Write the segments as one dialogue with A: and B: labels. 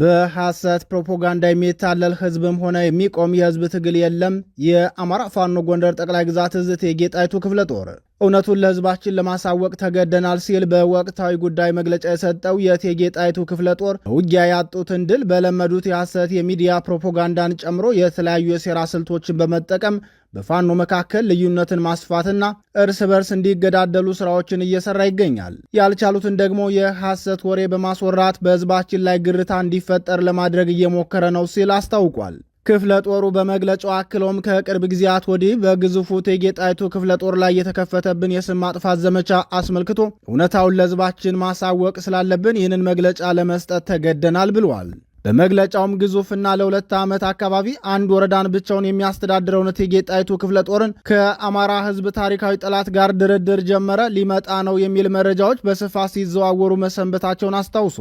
A: በሐሰት ፕሮፓጋንዳ የሚታለል ህዝብም ሆነ የሚቆም የህዝብ ትግል የለም። የአማራ ፋኖ ጎንደር ጠቅላይ ግዛት እዝ እቴጌ ጣይቱ ክፍለ ጦር እውነቱን ለህዝባችን ለማሳወቅ ተገደናል ሲል በወቅታዊ ጉዳይ መግለጫ የሰጠው የእቴጌ ጣይቱ ክፍለ ጦር ውጊያ ያጡትን ድል በለመዱት የሐሰት የሚዲያ ፕሮፓጋንዳን ጨምሮ የተለያዩ የሴራ ስልቶችን በመጠቀም በፋኖ መካከል ልዩነትን ማስፋትና እርስ በርስ እንዲገዳደሉ ስራዎችን እየሰራ ይገኛል። ያልቻሉትን ደግሞ የሐሰት ወሬ በማስወራት በህዝባችን ላይ ግርታ እንዲፈጠር ለማድረግ እየሞከረ ነው ሲል አስታውቋል። ክፍለ ጦሩ በመግለጫው አክሎም ከቅርብ ጊዜያት ወዲህ በግዙፉ እቴጌ ጣይቱ ክፍለ ጦር ላይ የተከፈተብን የስም ማጥፋት ዘመቻ አስመልክቶ እውነታውን ለሕዝባችን ማሳወቅ ስላለብን ይህንን መግለጫ ለመስጠት ተገደናል ብለዋል። በመግለጫውም ግዙፍና ለሁለት ዓመት አካባቢ አንድ ወረዳን ብቻውን የሚያስተዳድረውን እቴጌ ጣይቱ ክፍለ ጦርን ከአማራ ህዝብ ታሪካዊ ጠላት ጋር ድርድር ጀመረ፣ ሊመጣ ነው የሚል መረጃዎች በስፋት ሲዘዋወሩ መሰንበታቸውን አስታውሶ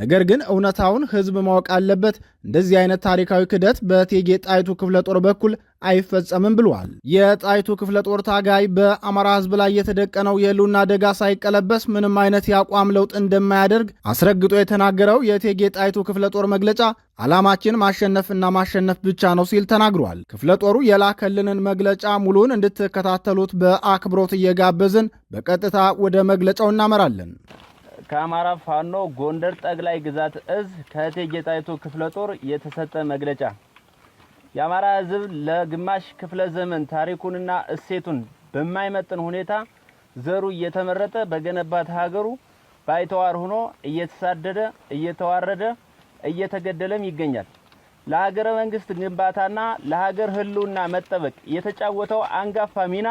A: ነገር ግን እውነታውን ህዝብ ማወቅ አለበት። እንደዚህ አይነት ታሪካዊ ክደት በእቴጌ ጣይቱ ክፍለ ጦር በኩል አይፈጸምም ብሏል። የጣይቱ ክፍለ ጦር ታጋይ በአማራ ህዝብ ላይ የተደቀነው የህልውና አደጋ ሳይቀለበስ ምንም አይነት የአቋም ለውጥ እንደማያደርግ አስረግጦ የተናገረው የእቴጌ ጣይቱ ክፍለ ጦር መግለጫ ዓላማችን ማሸነፍና ማሸነፍ ብቻ ነው ሲል ተናግሯል። ክፍለ ጦሩ የላከልንን መግለጫ ሙሉን እንድትከታተሉት በአክብሮት እየጋበዝን በቀጥታ ወደ መግለጫው እናመራለን።
B: ከአማራ ፋኖ ጎንደር ጠቅላይ ግዛት እዝ ከእቴጌ ጣይቱ ክፍለ ጦር የተሰጠ መግለጫ። የአማራ ሕዝብ ለግማሽ ክፍለ ዘመን ታሪኩንና እሴቱን በማይመጥን ሁኔታ ዘሩ እየተመረጠ በገነባት ሀገሩ ባይተዋር ሆኖ እየተሳደደ፣ እየተዋረደ፣ እየተገደለም ይገኛል። ለሀገረ መንግስት ግንባታና ለሀገር ህልውና መጠበቅ የተጫወተው አንጋፋ ሚና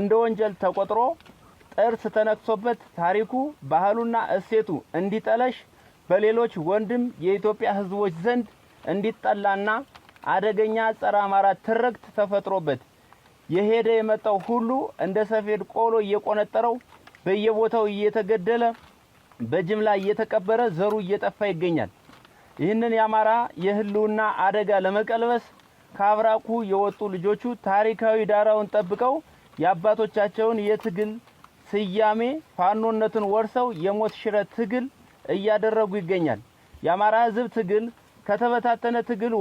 B: እንደ ወንጀል ተቆጥሮ ጥርስ ተነክሶበት ታሪኩ ባህሉና እሴቱ እንዲጠለሽ በሌሎች ወንድም የኢትዮጵያ ሕዝቦች ዘንድ እንዲጠላና አደገኛ ጸረ አማራ ትርክት ተፈጥሮበት የሄደ የመጣው ሁሉ እንደ ሰፌድ ቆሎ እየቆነጠረው በየቦታው እየተገደለ በጅምላ እየተቀበረ ዘሩ እየጠፋ ይገኛል። ይህንን የአማራ የህልውና አደጋ ለመቀልበስ ከአብራኩ የወጡ ልጆቹ ታሪካዊ ዳራውን ጠብቀው የአባቶቻቸውን የትግል ስያሜ ፋኖነትን ወርሰው የሞት ሽረት ትግል እያደረጉ ይገኛል። የአማራ ህዝብ ትግል ከተበታተነ ትግል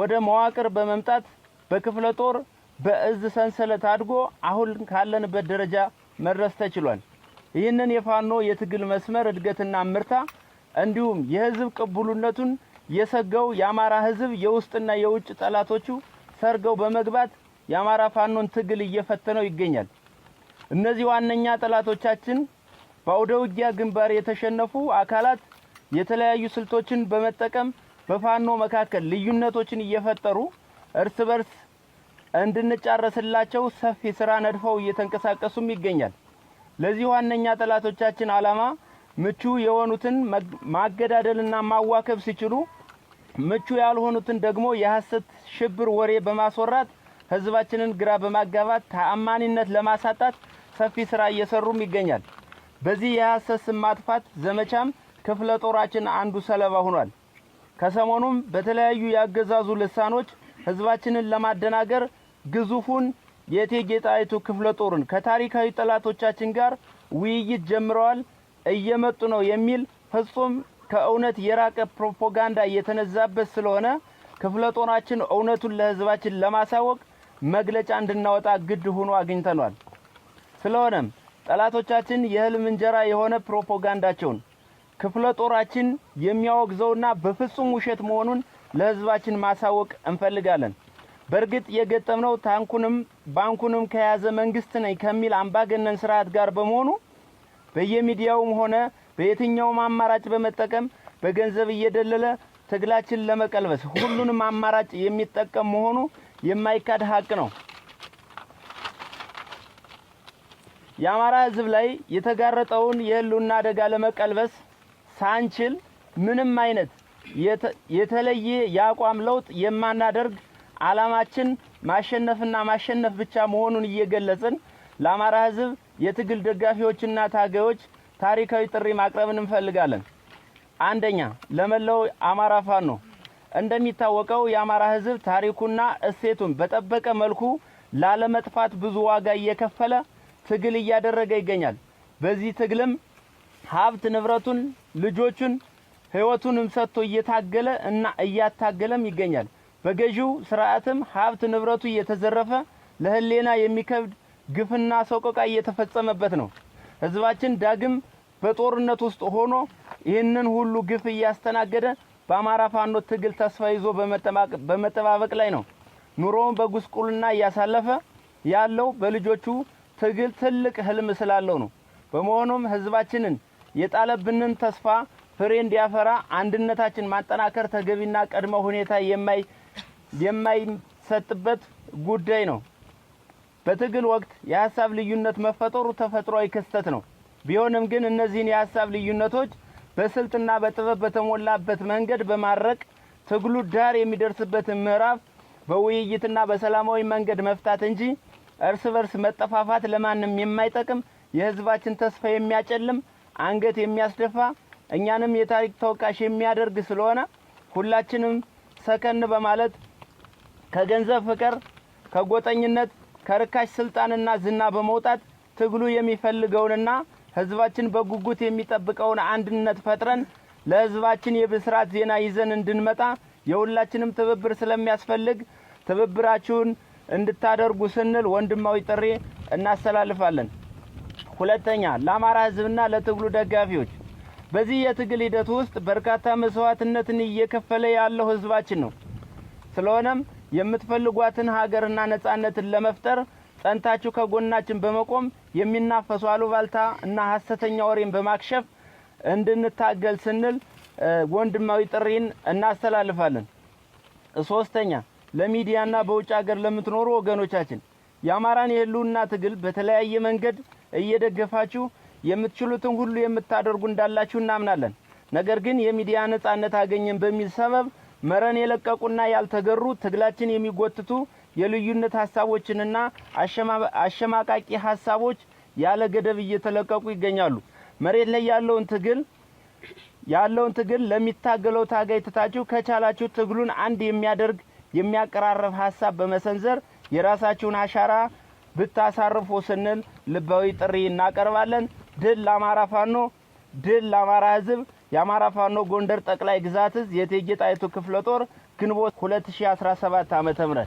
B: ወደ መዋቅር በመምጣት በክፍለ ጦር በእዝ ሰንሰለት አድጎ አሁን ካለንበት ደረጃ መድረስ ተችሏል። ይህንን የፋኖ የትግል መስመር እድገትና ምርታ እንዲሁም የህዝብ ቅቡልነቱን የሰገው የአማራ ህዝብ የውስጥና የውጭ ጠላቶቹ ሰርገው በመግባት የአማራ ፋኖን ትግል እየፈተነው ይገኛል። እነዚህ ዋነኛ ጠላቶቻችን በአውደ ውጊያ ግንባር የተሸነፉ አካላት የተለያዩ ስልቶችን በመጠቀም በፋኖ መካከል ልዩነቶችን እየፈጠሩ እርስ በርስ እንድንጫረስላቸው ሰፊ ስራ ነድፈው እየተንቀሳቀሱም ይገኛል። ለዚህ ዋነኛ ጠላቶቻችን አላማ ምቹ የሆኑትን ማገዳደልና ማዋከብ ሲችሉ ምቹ ያልሆኑትን ደግሞ የሐሰት ሽብር ወሬ በማስወራት ህዝባችንን ግራ በማጋባት ተአማኒነት ለማሳጣት ሰፊ ስራ እየሰሩም ይገኛል። በዚህ የሐሰት ስም ማጥፋት ዘመቻም ክፍለ ጦራችን አንዱ ሰለባ ሆኗል። ከሰሞኑም በተለያዩ ያገዛዙ ልሳኖች ህዝባችንን ለማደናገር ግዙፉን የእቴጌ ጣይቱ ክፍለ ጦርን ከታሪካዊ ጠላቶቻችን ጋር ውይይት ጀምረዋል፣ እየመጡ ነው የሚል ፍጹም ከእውነት የራቀ ፕሮፓጋንዳ እየተነዛበት ስለሆነ ክፍለ ጦራችን እውነቱን ለህዝባችን ለማሳወቅ መግለጫ እንድናወጣ ግድ ሆኖ አግኝተኗል። ስለሆነም ጠላቶቻችን የህልም እንጀራ የሆነ ፕሮፓጋንዳቸውን ክፍለ ጦራችን የሚያወግዘውና በፍጹም ውሸት መሆኑን ለህዝባችን ማሳወቅ እንፈልጋለን። በእርግጥ የገጠምነው ታንኩንም ባንኩንም ከያዘ መንግስት ነኝ ከሚል አምባገነን ስርዓት ጋር በመሆኑ በየሚዲያውም ሆነ በየትኛውም አማራጭ በመጠቀም በገንዘብ እየደለለ ትግላችን ለመቀልበስ ሁሉንም አማራጭ የሚጠቀም መሆኑ የማይካድ ሀቅ ነው። የአማራ ህዝብ ላይ የተጋረጠውን የህልውና አደጋ ለመቀልበስ ሳንችል ምንም አይነት የተለየ የአቋም ለውጥ የማናደርግ አላማችን ማሸነፍና ማሸነፍ ብቻ መሆኑን እየገለጽን ለአማራ ህዝብ የትግል ደጋፊዎችና ታጋዮች ታሪካዊ ጥሪ ማቅረብን እንፈልጋለን። አንደኛ፣ ለመላው አማራ ፋኖ እንደሚታወቀው የአማራ ህዝብ ታሪኩና እሴቱን በጠበቀ መልኩ ላለመጥፋት ብዙ ዋጋ እየከፈለ ትግል እያደረገ ይገኛል። በዚህ ትግልም ሀብት ንብረቱን፣ ልጆቹን፣ ህይወቱንም ሰጥቶ እየታገለ እና እያታገለም ይገኛል። በገዢው ስርዓትም ሀብት ንብረቱ እየተዘረፈ ለህሌና የሚከብድ ግፍና ሰቆቃ እየተፈጸመበት ነው። ህዝባችን ዳግም በጦርነት ውስጥ ሆኖ ይህንን ሁሉ ግፍ እያስተናገደ በአማራ ፋኖ ትግል ተስፋ ይዞ በመጠባበቅ ላይ ነው። ኑሮውን በጉስቁልና እያሳለፈ ያለው በልጆቹ ትግል ትልቅ ህልም ስላለው ነው። በመሆኑም ህዝባችንን የጣለብንን ተስፋ ፍሬ እንዲያፈራ አንድነታችን ማጠናከር ተገቢና ቅድመ ሁኔታ የማይሰጥበት ጉዳይ ነው። በትግል ወቅት የሀሳብ ልዩነት መፈጠሩ ተፈጥሯዊ ክስተት ነው። ቢሆንም ግን እነዚህን የሀሳብ ልዩነቶች በስልትና በጥበብ በተሞላበት መንገድ በማድረቅ ትግሉ ዳር የሚደርስበትን ምዕራፍ በውይይትና በሰላማዊ መንገድ መፍታት እንጂ እርስ በርስ መጠፋፋት ለማንም የማይጠቅም የህዝባችን ተስፋ የሚያጨልም አንገት የሚያስደፋ እኛንም የታሪክ ተወቃሽ የሚያደርግ ስለሆነ ሁላችንም ሰከን በማለት ከገንዘብ ፍቅር፣ ከጎጠኝነት፣ ከርካሽ ስልጣንና ዝና በመውጣት ትግሉ የሚፈልገውንና ህዝባችን በጉጉት የሚጠብቀውን አንድነት ፈጥረን ለህዝባችን የብስራት ዜና ይዘን እንድንመጣ የሁላችንም ትብብር ስለሚያስፈልግ ትብብራችሁን እንድታደርጉ ስንል ወንድማዊ ጥሪ እናስተላልፋለን። ሁለተኛ ለአማራ ህዝብና ለትግሉ ደጋፊዎች በዚህ የትግል ሂደት ውስጥ በርካታ መስዋዕትነትን እየከፈለ ያለው ህዝባችን ነው። ስለሆነም የምትፈልጓትን ሀገርና ነጻነትን ለመፍጠር ጸንታችሁ ከጎናችን በመቆም የሚናፈሱ አሉባልታ እና ሀሰተኛ ወሬን በማክሸፍ እንድንታገል ስንል ወንድማዊ ጥሪን እናስተላልፋለን። ሶስተኛ ለሚዲያና በውጭ ሀገር ለምትኖሩ ወገኖቻችን የአማራን የህልውና ትግል በተለያየ መንገድ እየደገፋችሁ የምትችሉትን ሁሉ የምታደርጉ እንዳላችሁ እናምናለን። ነገር ግን የሚዲያ ነጻነት አገኘን በሚል ሰበብ መረን የለቀቁና ያልተገሩ ትግላችን የሚጎትቱ የልዩነት ሀሳቦችንና አሸማቃቂ ሀሳቦች ያለ ገደብ እየተለቀቁ ይገኛሉ። መሬት ላይ ያለውን ትግል ያለውን ትግል ለሚታገለው ታጋይ ትታችሁ ከቻላችሁ ትግሉን አንድ የሚያደርግ የሚያቀራረብ ሀሳብ በመሰንዘር የራሳችሁን አሻራ ብታሳርፉ ስንል ልባዊ ጥሪ እናቀርባለን። ድል ለአማራ ፋኖ፣ ድል ለአማራ ህዝብ። የአማራ ፋኖ ጎንደር ጠቅላይ ግዛት እዝ የእቴጌ ጣይቱ ክፍለ ጦር ግንቦት 2017 ም